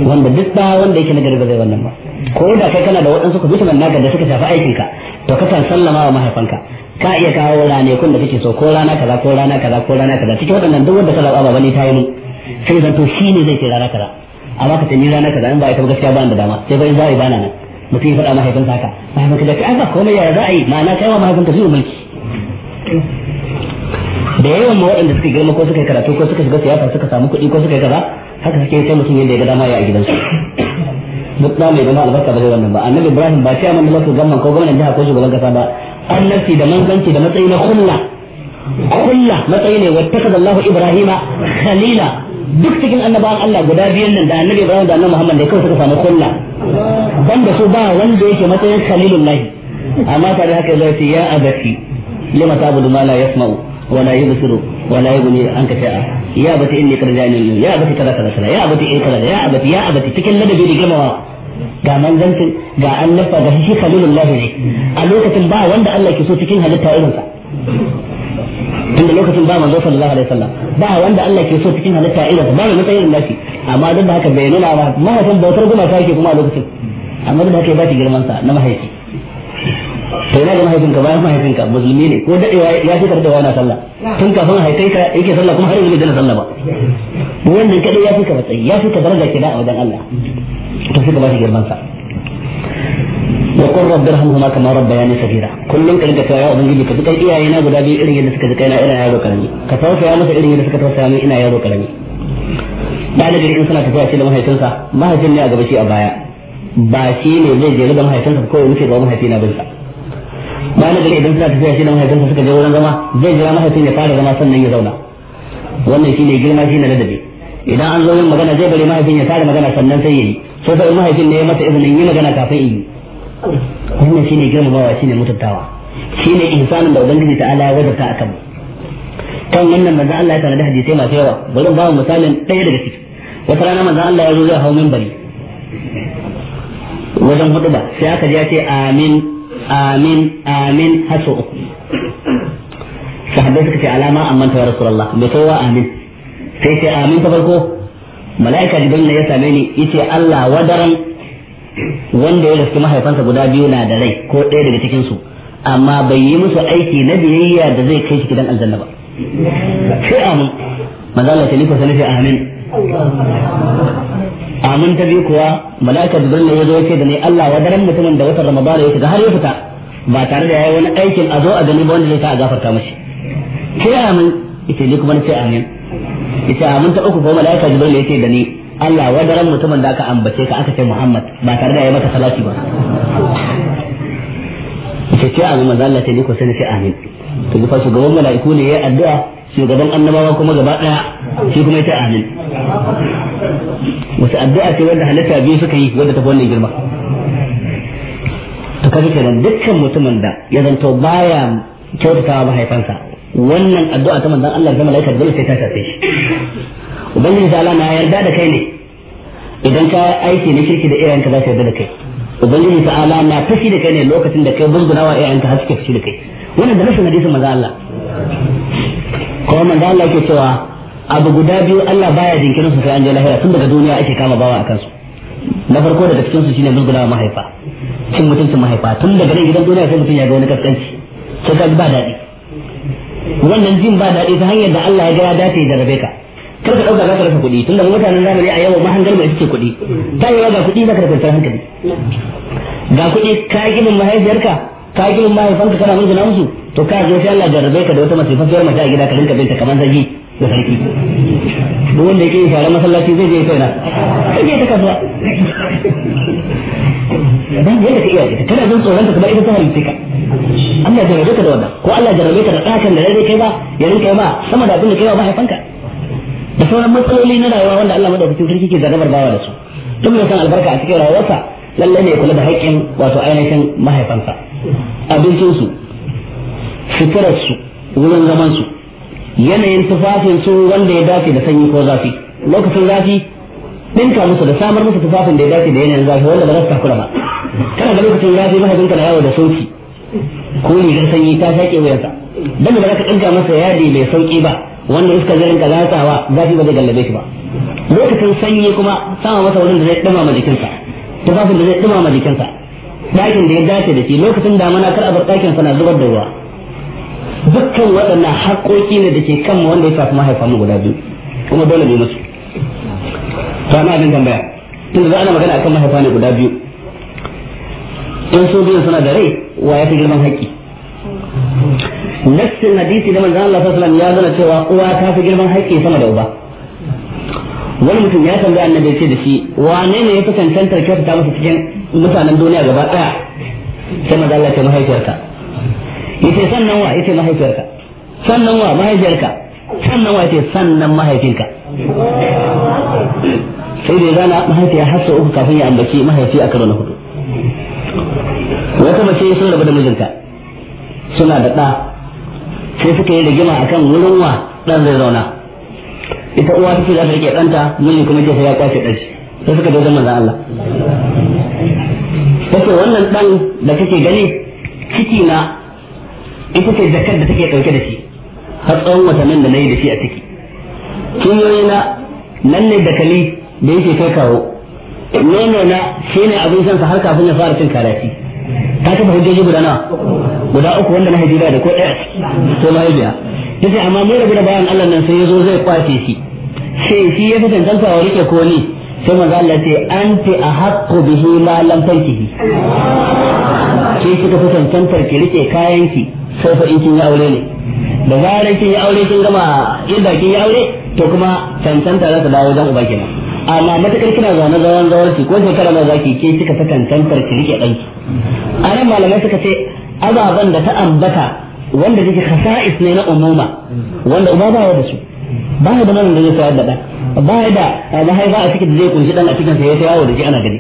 wanda duk ba wanda yake na gari ba zai wannan ba ko da kai kana da waɗansu ku bisa naka da suka shafi aikinka to ka san sallama wa mahaifanka ka iya kawo kun da kake so ko rana kaza ko rana kaza ko rana kaza cikin waɗannan duk wanda ka zaɓa ba ne ta yi sai zan to shine zai ce rana kaza amma ka ni rana kaza in ba ai ba gaskiya ba da dama sai bai zai bana nan mutum ya faɗa mahaifanka ka mahaifinka da ka ba komai ya za a yi ma'ana kai wa mahaifinka su mulki da yawan ma waɗanda suka girma ko suka yi karatu ko suka shiga siyasa suka samu kuɗi ko suka yi kaza haka suke sai mutum yadda ya ga dama ya a gidansu duk da mai zama albarka ba zai wannan ba annabi ibrahim ba shi amma lokacin gamman ko gwamnan jiha ko shugaban kasa ba annabci da manzanci da matsayi na kulla kulla matsayi ne wattakaza allah ibrahima khalila duk cikin annabawan allah guda biyan nan da annabi ibrahim da annabi muhammad ne kawai suka samu kulla da su ba wanda yake matsayin khalilullahi amma tare haka zai ce ya abati lima ta'budu ma la yasma'u ولا يبصر ولا يغني عنك شيئا يا أبتي إني قد جاءني يا أبتي كذا كذا كذا يا أبتي إيه كذا يا أبتي يا أبتي تكلم بيدي جمعها ga manzancin ga annafa ga shi khalilullah ne a lokacin ba wanda Allah ke so cikin halitta irinsa tun da lokacin ba manzo sallallahu alaihi wasallam ba wanda Allah ke so cikin halitta irinsa ba mai irin nashi amma duk da haka bai nuna ba mahaifin bautar gumaka yake kuma a lokacin amma duk da haka ya ba shi girman sa na mahaifi to na ga mahaifinka bayan mahaifinka musulmi ne ko dadewa ya fitar da wani sallah tun kafin haifai ka yake sallah kuma har yanzu bai dana sallah ba wannan kadai ya fi ka matsayi ya fi ka daraja kida a wajen Allah to sai ka ba shi girman sa wa qur rabbi irhamhuma kama rabbayani saghira kullun ka rinka ya ubangiji ka dukan iyaye na guda biyu irin yadda suka duka ina ina yaro karami ka tausaya masa irin yadda suka tausaya min ina yaro karami da da in suna tafiya ce da mahaifinsa mahaifin ne a gaba shi a baya ba shi ne zai je da mahaifinsa ko ya wuce ga mahaifina bin sa bayan gari idan suna tafiya shi da mahaifinsa suka je wurin zama zai jira mahaifin ya fara zama sannan ya zauna wannan shi ne girma shi ne ladabi idan an zo yin magana zai bari mahaifin ya fara magana sannan sai ya yi sai sai mahaifin ne ya masa izinin yi magana kafin yi wannan shi ne girma bawa shi ne mutuntawa shi ne ihsanin da ubangiji ta ala ya wajabta a mu kan wannan manzo Allah ya tanada hadisai masu yawa bari in ba mu misalin ɗaya daga ciki wata rana manzo Allah ya zo zai hau min bari. wajen hudu ba sai aka ji ya ce amin amin amin har sau suka ce alama amman ta rasulullah bai kowa amin sai ce amin ta farko mala'ika jibril ne ya same ni yace Allah wadaran wanda ya rasu mahaifansa guda biyu na da rai ko ɗaya daga cikin su amma bai yi musu aiki na biyayya da zai kai shi gidan aljanna ba sai amin manzo Allah ya nufa sai amin mamun ta biyu kuwa mala'ika jibril ne yazo yace da ni Allah wa wadaran mutumin da watan ramadan ya shiga har ya fita ba tare da yayi wani aikin a zo a gani ba wanda zai sa a gafarta mashi ke amin yace ni kuma nace amin yace amin ta uku ko mala'ika jibril yace da ni Allah wa wadaran mutumin da aka ambace ka aka ce Muhammad ba tare da yayi mata salati ba yace ce amin manzo Allah sai ni ko sai nace amin to fa shugaban mala'iku ne yayi addu'a shugaban annabawa kuma gaba daya shi kuma ya amin wasu addu'a ce wanda halitta biyu suka yi wanda tafi wannan girma to kaga kenan dukkan mutumin da ya zanto baya kyautatawa mahaifansa wannan addu'a ta manzon Allah ga malaikar dole sai ta tafi shi ubangiji ta Allah na yarda da kai ne idan ka aiki na kirki da iyayenka za su yarda da kai ubangiji ta Allah na fashi da kai ne lokacin da kai bungunawa iyayenka har suke fashi da kai wannan da rashin hadisin manzon Allah kuma manzon Allah yake cewa abu guda biyu Allah baya jinkirin su sai an je lahira tun daga duniya ake kama bawa a kansu na farko daga cikin su shine musguna mahaifa cin mutuncin mahaifa tun daga nan gidan duniya sai mutum ya ga wani kaskanci sai ka ba daɗi wannan jin ba daɗi ta hanyar da Allah ya ga ya dace da rabe ka kar ka ɗauka zaka ka rasa kuɗi tun daga mutanen zamani a yau mahangar mai suke kuɗi ta yi ga kuɗi zaka ka da kwanciyar hankali ga kuɗi ka ginin mahaifiyarka ka ji fanka kana mun gina musu to ka zo sai Allah jarrabe ka da wata masifafiyar mace a gida ka rinka binta kamar zagi da sarki duk wanda yake fara masallaci zai je kai na sai je ta kasuwa dan yadda ka iya ita kana jin tsoron ka kuma ita ta halitta ka Allah jarrabe ka da wannan ko Allah jarrabe ka da ɗakan da zai kai ba ya rinka ba sama da abin da kai ba mahaifanka da sauran matsaloli na rayuwa wanda Allah madaukakin sarki ke jarrabar bawa da su duk da san albarka a cikin rayuwarsa lalle ne kula da haƙƙin wato ainihin mahaifansa abincinsu fitararsu wurin zamansu yanayin tufafinsu wanda ya dace da sanyi ko zafi lokacin zafi ɗinka musu da samar musu tufafin da ya dace da yanayin zafi wanda ba za su takura ba kana da lokacin zafi mahaifinka na yawo da sauki ko rigar sanyi ta shaƙe wuyansa dan ba za ka ɗinka masa yadi mai sauƙi ba wanda iska zai rinka zasawa zafi ba zai gallabe shi ba lokacin sanyi kuma sama masa wurin da zai ma jikinsa tufafin da zai ma jikinsa ɗakin da ya dace da shi lokacin damana kar a bar ɗakin sana zubar da ruwa dukkan waɗannan haƙoƙi ne da ke kan wanda ya shafi mahaifa mu guda biyu kuma dole ne musu to ana abin tambaya tunda za ana magana akan mahaifa ne guda biyu in so biyan suna da rai wa ya fi girman haƙƙi nassin hadisi da manzon Allah sallallahu alaihi wasallam ya zana cewa uwa ta fi girman haƙƙi sama da uba wani mutum ya tambaya annabi ya ce da shi wane ne ya fi cancantar kyautata masa cikin mutanen duniya gaba daya sai maza Allah ce mahaifiyarka yace sannan wa yace mahaifiyarka sannan wa mahaifiyarka sannan wa yace sannan mahaifinka sai da zana mahaifi har sau uku kafin ya ambaci mahaifi a karo na hudu wata mace sun rabu da mijinta suna da ɗa sai suka yi rigima akan wurin wa ɗan zai zauna ita uwa take za ta rike ɗanta mun kuma ke sai ya kwace ɗan sai suka dogon manzan Allah sai wannan ɗan da kake gani ciki na ita ce zakar da take ɗauke da shi har tsawon watannin da na da shi a ciki kinyoyi na nan ne dakali da yake kai kawo nono na shi ne abin sa har kafin ya fara cin karafi ta kafa hujjoji guda na guda uku wanda na hajjira da ko ɗaya to mahaifiya yace amma mun rabu da bayan Allah nan sai yazo zai kwace shi sai shi ya fitan danta wa rike ko ni sai manzo Allah ce anti ahaqqu bihi ma lam tankihi ke kika fi tantar ki rike kayan ki sai fa in kin yi aure ne da zarar kin yi aure kin gama inda kin yi aure to kuma tantanta za ta dawo dan uba kenan amma matakar kina zaune zaman ki ko shekara ma zaki ke kika fi tantar ki rike danki anan malamai suka ce ababan da ta ambata wanda yake khasa'is ne na umuma wanda uba ba da su ba ya da nan da zai sayar da ɗan ba ya da eh, mahaifa a cikin da zai kunshi ɗan a cikin sa ya ta da shi ana gani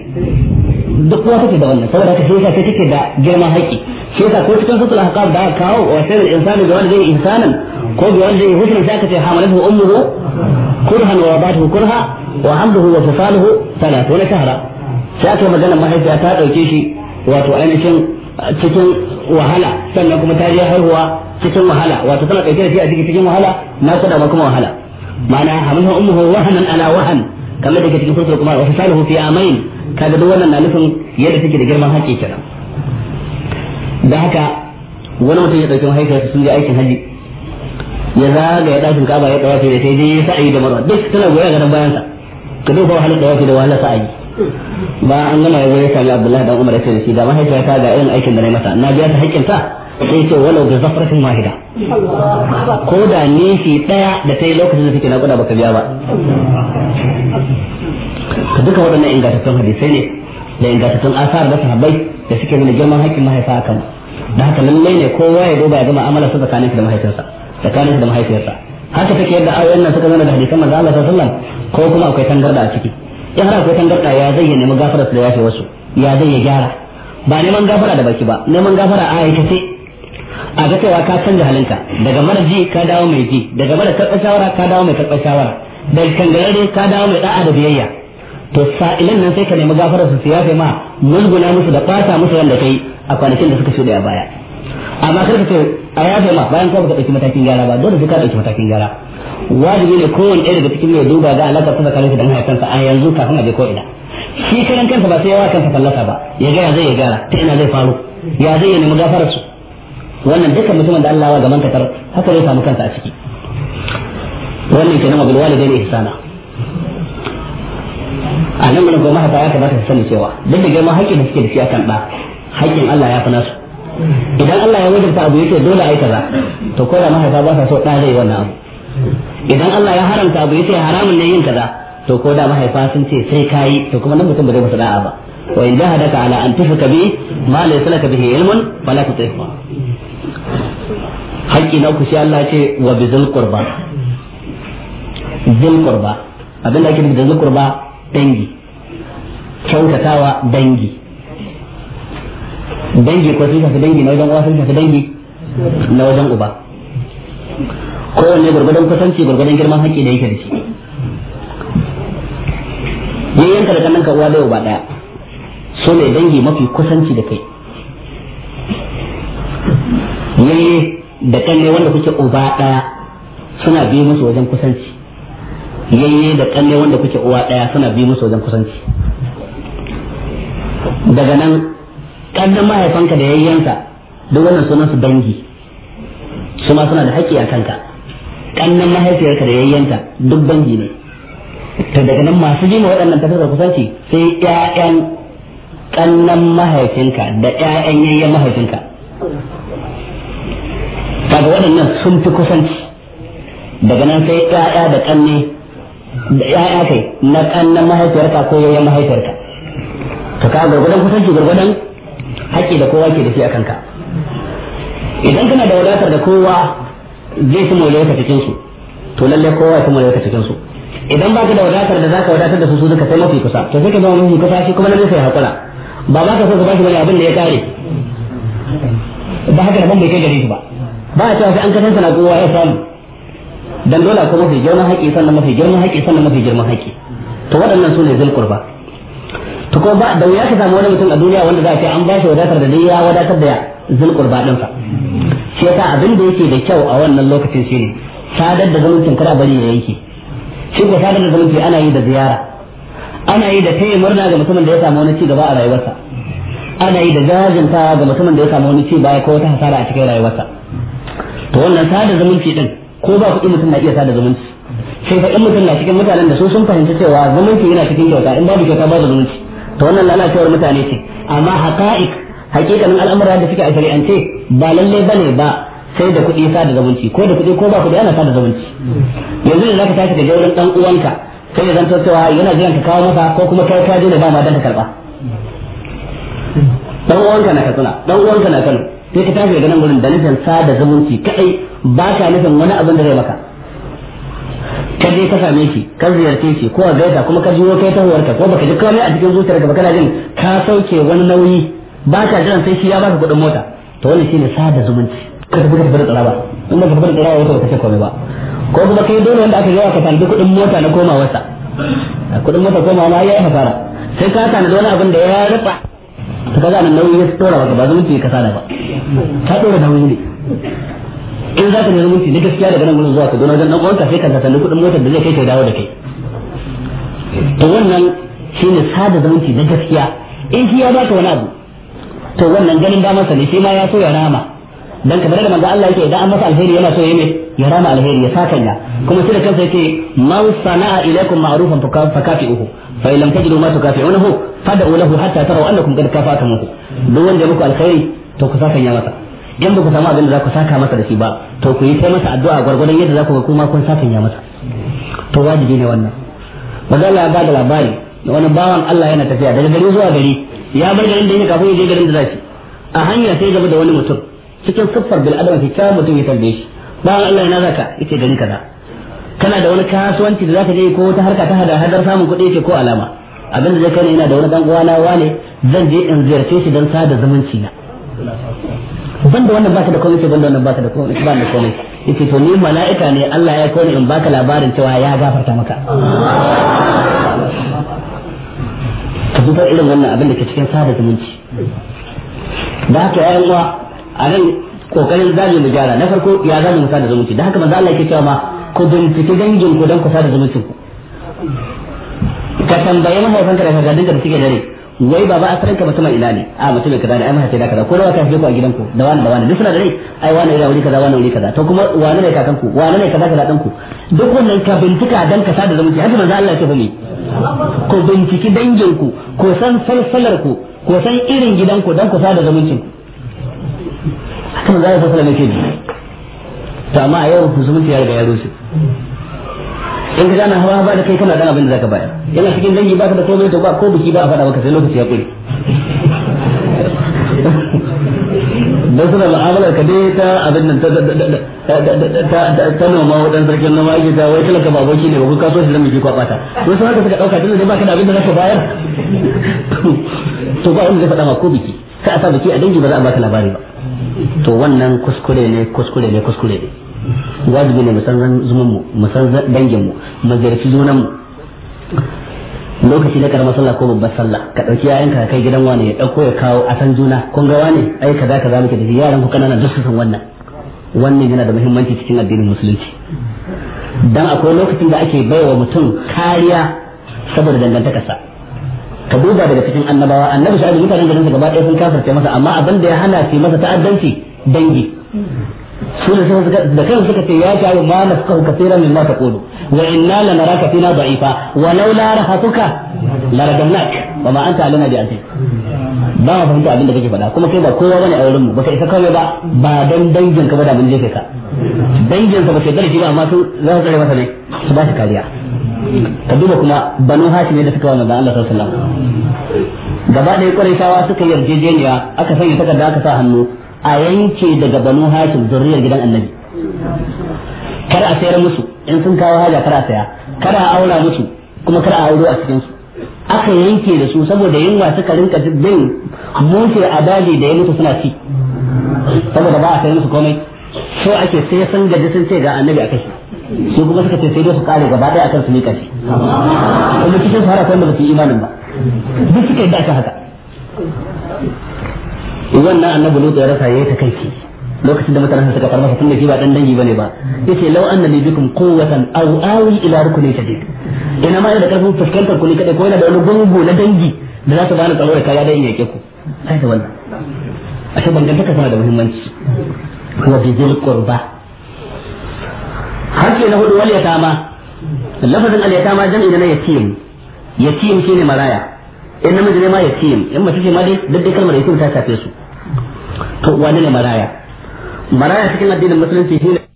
duk kowa take da wannan saboda haka shi yasa sai take da girman haƙƙi shi yasa ko cikin sutul ahqab da aka kawo wa sai insani ga wanda zai insanan ko ga wanda zai hukun sai aka ce hamalatu ummuhu kurhan wa batuhu kurha wa hamduhu wa fisaluhu 30 shahra sai aka magana mahaifiya ta dauke shi wato ainihin cikin wahala sannan kuma ta je haihuwa cikin wahala wato tana ɗauke da shi a ciki cikin wahala na kuda ma kuma wahala ma'ana hamilha ummuhu wahanan ala wahan kamar da ke cikin surtul kuma wa fasaluhu fi amain kaga duk wannan na nufin yadda take da girman haƙƙi kenan da haka wani mutum ya ɗauki mahaifiyarsa sun je aikin haji ya zagaya ɗakin kaba ya ɗawafi da sai je sa'i da marwa duk tana goya ga dan bayansa ka duk fa wahalar ɗawafi da wahalar sa'ayi ba an gama ya zai kalli abdullahi dan umar ya ce shi da mahaifiyata ga irin aikin da na mata na biya ta haƙƙin ta sai ce walau da zafratin mahida. ko da nishi ɗaya da ta yi lokacin da take naƙuda baka biya ba ka duka waɗannan ingantattun hadisai ne da ingantattun asar da sahabbai da suke nuna girman haƙƙin mahaifa kan da haka lallai ne kowa ya duba ya gama amala su tsakanin da mahaifiyarsa tsakanin da mahaifiyarsa haka take yadda ayoyin nan suka zama da hadisan manzo Allah sallallahu alaihi wasallam ko kuma akwai tangarda a ciki ya fara akwai tangarɗa ya zai ya nemi gafara da yafe wasu ya zai ya gyara ba neman gafara da baki ba neman gafara a ce a ga cewa ka canza halinka daga mara ji ka dawo mai ji daga mara karɓar shawara ka dawo mai karɓar shawara daga kangarare ka dawo mai da'a da biyayya to sa'ilan nan sai ka nemi gafara su ya kai ma mulguna musu da ɓata musu wanda kai a kwanakin da suka shuɗe a baya amma kar ka ce a yafe ma bayan ba baka ɗauki matakin gyara ba dole sai ka ɗauki matakin gyara wajibi ne kowane ɗaya daga cikin mai duba ga alaƙa ta tsakanin shi da mahaifansa a yanzu kafin kuma je ko ina shi karan kansa ba sai ya kansa fallasa ba ya gaya zai ya gara ta ina zai faru ya zai ya nemi gafarar su wannan dukkan mutumin da Allah ga manta tar haka zai samu kansa a ciki wannan kenan wa bilwali dai ihsana a nan mun goma haka ya kamata su sani cewa duk da girman haƙƙin da suke da shi akan ɗa haƙƙin Allah ya fi nasu idan Allah ya wajabta abu yake dole ai kaza to ko da mahaifa ba sa so ɗa zai wannan abu idan Allah ya haramta abu ce haramun ne yin kaza to ko da mahaifa sun ce sai kayi to kuma nan mutum ba zai masa da'a ba wa in jahadaka ala an tufika bi ma la yasalaka bihi ilmun fala tutihma haƙƙi na ku sai Allah ya ce wa bizil qurba zil qurba abinda ake nufi da qurba dangi kyautatawa dangi dangi ko sun shafi dangi na wajen uwa sun shafi dangi na wajen uba kowanne gwargwadon kusanci gwargwadon girman haƙƙi da yake da shi yanka da kannanka uwa da ba ɗaya so ne dangi mafi kusanci da kai ne da kanne wanda kuke uba ɗaya suna bi musu wajen kusanci yayye da kanne wanda kuke uwa ɗaya suna bi musu wajen kusanci daga nan kannan mahaifanka da yayyanka duk wannan sunan su dangi su ma suna da haƙƙi a kanka kannan mahaifiyarka da yayyanta duk dangi ne ta daga nan masu jima waɗannan tafiyar kusanci sai ƴaƴan kannan mahaifinka da ƴaƴan yayyan mahaifinka kaga waɗannan sun fi kusanci daga nan sai ƴaƴa da kanne da ƴaƴa kai na kannan mahaifiyarka ko yayyan mahaifiyarka to ka gurgudan kusanci gurgudan haƙƙi da kowa ke da shi a kanka idan kana da wadatar da kowa zai fi wani ka cikin su to lalle kowa kuma wani ka cikin su idan ba ka da wadatar da zaka wadatar da su su duka sai mafi kusa to sai ka zama mafi kusa shi kuma lalle sai hakura ba ba ka so ka bashi bane abin da ya kare ba haka da ban bai kai gare shi ba ba a cewa sai an kasance na kowa ya samu dan dole ko mafi girman haƙi sannan mafi girman haƙi sannan mafi girman haƙi to waɗannan su ne zulkurba to ko ba da wuya ka samu wani mutum a duniya wanda za a ce an ba shi wadatar da ya wadatar da zulkurba ɗinsa shi yasa abin da yake da kyau a wannan lokacin shine sadar da zumunci kada bari ya yanke shi ko sadar da zumunci ana yi da ziyara ana yi da taya murna ga mutumin da ya samu wani ci gaba a rayuwarsa ana yi da jajinta ga mutumin da ya samu wani ci baya ko wata hasara a cikin rayuwarsa to wannan sadar zumunci din ko ba kuɗi mutum na iya sadar zumunci sai fa in mutum na cikin mutanen da su sun fahimci cewa zumunci yana cikin kyauta in babu kyauta babu zumunci to wannan lalacewar mutane ce amma haqa'iq hakikanin al'amuran da suke a shari'ance ba lalle bane ba sai da kuɗi sa da zamanci ko da kuɗi ko ba kuɗi ana sa da zamanci yanzu da zaka tashi da jaurin dan uwanka sai ya zanto cewa yana jiran ka kawo masa ko kuma kai ka je da ma dan ka karba dan uwanka na katsina dan uwanka na kano sai ka tashi daga nan gurin da nufin sa da zumunci kadai ba ka nufin wani abin da zai maka ka je ka same shi ka ziyarce shi ko a gaita kuma ka jiwo kai ta huwarka ko baka ji komai a cikin zuciyarka ba kana jin ka sauke wani nauyi ba ta jiran sai shi ya ba ka kuɗin mota to wannan shine sada zumunci ka tafi ka tafi da ba in ba ka tafi da tsara wata wata ce komai ba ko kuma kai dole wanda aka yawa ka tanadi kuɗin mota na komawarsa kuɗin mota komawa ma ya yi sai ka da wani abin da ya rufa ta kaga nan nauyi ya tsora ba ba zumunci ka sada ba ka tsora nauyi ne in za ka nemi zumunci na gaskiya daga nan gurin zuwa ka dona wajen dan uwanka sai ka tanadi kuɗin motar da zai kai kai dawo da kai to wannan shine sada zumunci na gaskiya in shi ya baka wani abu to wannan ganin damar sa ne shi ma ya so ya rama dan kamar da manzo Allah yake idan an masa alheri yana so ya ne ya rama alheri ya sakanya kuma shi da kansa yake man sana'a ilaikum ma'rufan fakafi'uhu fa illam tajidu ma tukafi'unahu fad'u lahu hatta taraw annakum qad kafa'tumuhu duk wanda muku alheri to ku sakanya masa in ku samu abin da za ku saka masa da shi ba to ku yi kai masa addu'a gwargwadon yadda za ku ga kuma kun sakanya masa to wajibi ne wannan manzo Allah ya ba da labari wani bawan Allah yana tafiya daga gari zuwa gari ya bar garin da yake kafin ya je garin da zaki a hanya sai gaba da wani mutum cikin siffar bil adam sai kyawu mutum ya tambaye shi bayan Allah yana zaka yace garin kaza kana da wani kasuwanci da zaka je ko wata harka ta hada hadar samun kuɗi yace ko alama abinda zai kai ina da wani dan na wane zan je in ziyarce shi dan sada zumunci na da wannan baka da komai sai da wannan baka da komai ba da komai yace to ni mala'ika ne Allah ya kone in baka labarin cewa ya gafarta maka ka zubar irin wannan abin da ke cikin sada zumunci da haka ya uwa a nan kokarin zamu mu gyara na farko ya zamu mu sada zumunci da haka manzo Allah yake cewa ma ku bincike dangin ku don ku sada zumuncin ku ka tambayi mahaifanka da kakanninka da suke dare wai baba a ka mutum ina ne a mutum kaza ne ai mahaifi da kaza ko da ka fi ku a gidanku da wani da wani duk suna da rai ai wani ina wuri kaza wani wuri kaza to kuma wani ne kakan ku wani ne kaza kaza dan ku duk wannan ka bincika dan ka sada zumunci haka manzo Allah ya ce mu ko bintiki dangin ku ko san salsalar ku ko san irin gidanku dan ku sada zumuncin haka manzo Allah ya ce to amma a yau zumunci ya riga ya rushe in ka ana hawa ba da kai kana dan abin da zaka bayar yana cikin dangi ba ka da komai to ba ko biki ba a fada maka sai lokaci ya kure dan suna mu'amalar ka dai ta abin nan ta ta noma wadan sarkin noma yake ta wai talaka ba boki ne ba ko kaso shi zan biki kwaba ta to sai haka suka dauka tunda ba ka da abin da zaka bayar to ba wanda zai fada ma ko biki ka asa biki a dangi ba za a baka labari ba to wannan kuskure ne kuskure ne kuskure ne wajibi ne musan zuman mu musan dangin mu ziyarci mu lokaci na karama sallah ko babbar sallah ka dauki yayan ka kai gidan wani ya dauko ya kawo a san juna kun ga wani ai kaza kaza muke da yaran ku kanana duk san wannan wannan yana da muhimmanci cikin addinin musulunci dan akwai lokacin da ake baiwa mutum kariya saboda dangantakarsa ka duba daga cikin annabawa annabi shi mutanen garin gaba ɗaya sun kafarce masa amma abin da ya hana shi masa ta'addanci dangi su da suka da kansu suka ce ya shayu ma nafqahu kaseeran mimma kodo wa inna lanaraka fina da'ifa wa la rahatuka larajamnak wa ma anta alana bi antik ba ma fahimta abin da kake faɗa kuma kai ba kowa bane a wurin mu ka isa kawai ba ba dan dangin ka ba da mun jefe ka dangin ka ba sai shi ba amma su za su tsare masa ne su ba shi kariya ka duba kuma banu hashim da suka wa manzon Allah sallallahu alaihi wasallam gaba ɗaya ƙwarai suka yarjejeniya aka sanya takarda aka sa hannu a yanke daga banu hashim zurriyar gidan annabi kar a sayar musu in sun kawo haja kar a saya kar a aura musu kuma kar a auro a cikin su aka yanke da su saboda yunwa suka rinka bin mushe a daji da ya mutu suna ci saboda ba a sayar musu komai so ake sai sun gaji sun ce ga annabi a kashi su kuma suka ce sai dai su kare gaba daya akan su ne kashi kuma cikin su har akwai da ba su imanin ba duk suka yi da aka haka wannan annabi lutu ya rasa yayi takaici lokacin da mutanen suka farma tun da shi ba dan dangi bane ba yace law anna li bikum quwwatan aw awi ila rukni shadid ina ma da karfin fuskantar ku ne kada ko yana da wani gungu na dangi da za su bani tsaro da kaya dan yake ku sai da wannan ashe ka tana da muhimmanci wa bizil qurba ke na hudu wal yatama lafazin al yatama jami'i na yatim yatim shine maraya in namiji ne ma yatim in mace ce ma dai duk kalmar yatim ta shafe su to wani ne maraya maraya cikin addinin musulunci shine